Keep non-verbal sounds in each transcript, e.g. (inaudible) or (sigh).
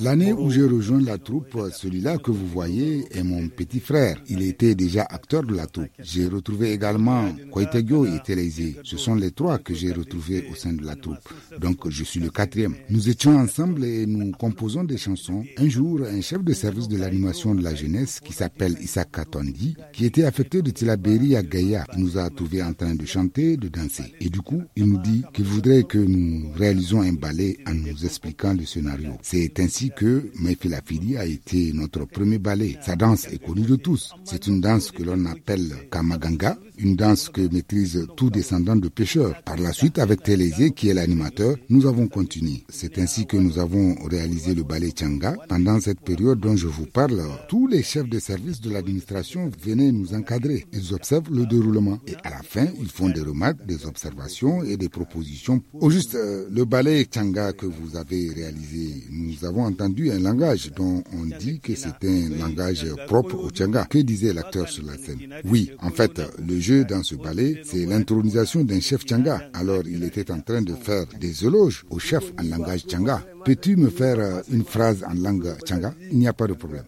L'année où j'ai rejoint la troupe, celui-là que vous voyez est mon petit frère. Il était déjà acteur de la troupe. J'ai retrouvé également Koitegyo et Terezi. Ce sont les trois que j'ai retrouvés au sein de la troupe. Donc je suis le quatrième. Nous étions ensemble et nous composons des chansons. Un jour, un chef de service de l'animation de la jeunesse qui s'appelle Isaka Tondi, qui était affecté de Tilaberi à Gaïa, nous a trouvés en train de chanter, de danser. Et du coup, il nous dit qu'il voudrait que nous réalisions un ballet en nous expliquant le scénario. C'est ainsi que Mefilafili a été notre premier ballet. Sa danse est connue de tous. C'est une danse que l'on appelle Kamaganga, une danse que maîtrise tout descendant de pêcheurs. Par la suite, avec Télézé, qui est l'animateur, nous avons continué. C'est ainsi que nous avons réalisé le ballet Changa. Pendant cette période dont je vous parle, tous les chefs de service de l'administration venaient nous encadrer. Ils observent le déroulement et à la fin, ils font des remarques, des observations et des propositions. Au juste, euh, le ballet Changa que vous avez réalisé. Nous avons entendu un langage dont on dit que c'était un langage propre au Tchanga. Que disait l'acteur sur la scène Oui, en fait, le jeu dans ce ballet, c'est l'intronisation d'un chef Tchanga. Alors, il était en train de faire des éloges au chef en langage Tchanga. Peux-tu me faire euh, une phrase en langue Tchanga Il n'y a pas de problème.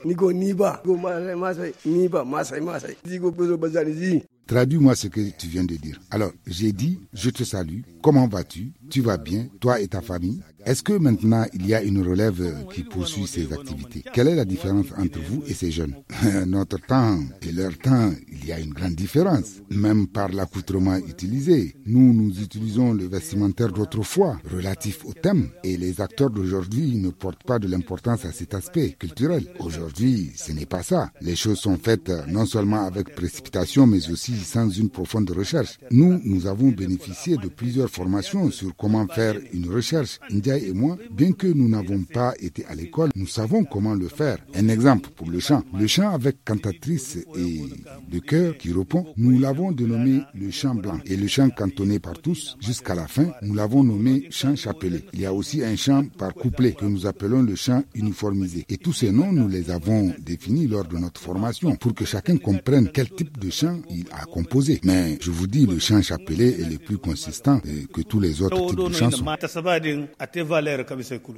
Traduis-moi ce que tu viens de dire. Alors, j'ai dit, je te salue, comment vas-tu Tu vas bien, toi et ta famille est-ce que maintenant il y a une relève qui poursuit ces activités Quelle est la différence entre vous et ces jeunes (laughs) Notre temps et leur temps, il y a une grande différence, même par l'accoutrement utilisé. Nous, nous utilisons le vestimentaire d'autrefois, relatif au thème, et les acteurs d'aujourd'hui ne portent pas de l'importance à cet aspect culturel. Aujourd'hui, ce n'est pas ça. Les choses sont faites euh, non seulement avec précipitation, mais aussi sans une profonde recherche. Nous, nous avons bénéficié de plusieurs formations sur comment faire une recherche. India et moi, bien que nous n'avons pas été à l'école, nous savons comment le faire. Un exemple pour le chant. Le chant avec cantatrice et de chœur qui répond, nous l'avons dénommé le chant blanc et le chant cantonné par tous jusqu'à la fin, nous l'avons nommé chant chapelet. Il y a aussi un chant par couplet que nous appelons le chant uniformisé. Et tous ces noms, nous les avons définis lors de notre formation pour que chacun comprenne quel type de chant il a composé. Mais je vous dis, le chant chapelet est le plus consistant euh, que tous les autres types de chansons. valer comme ce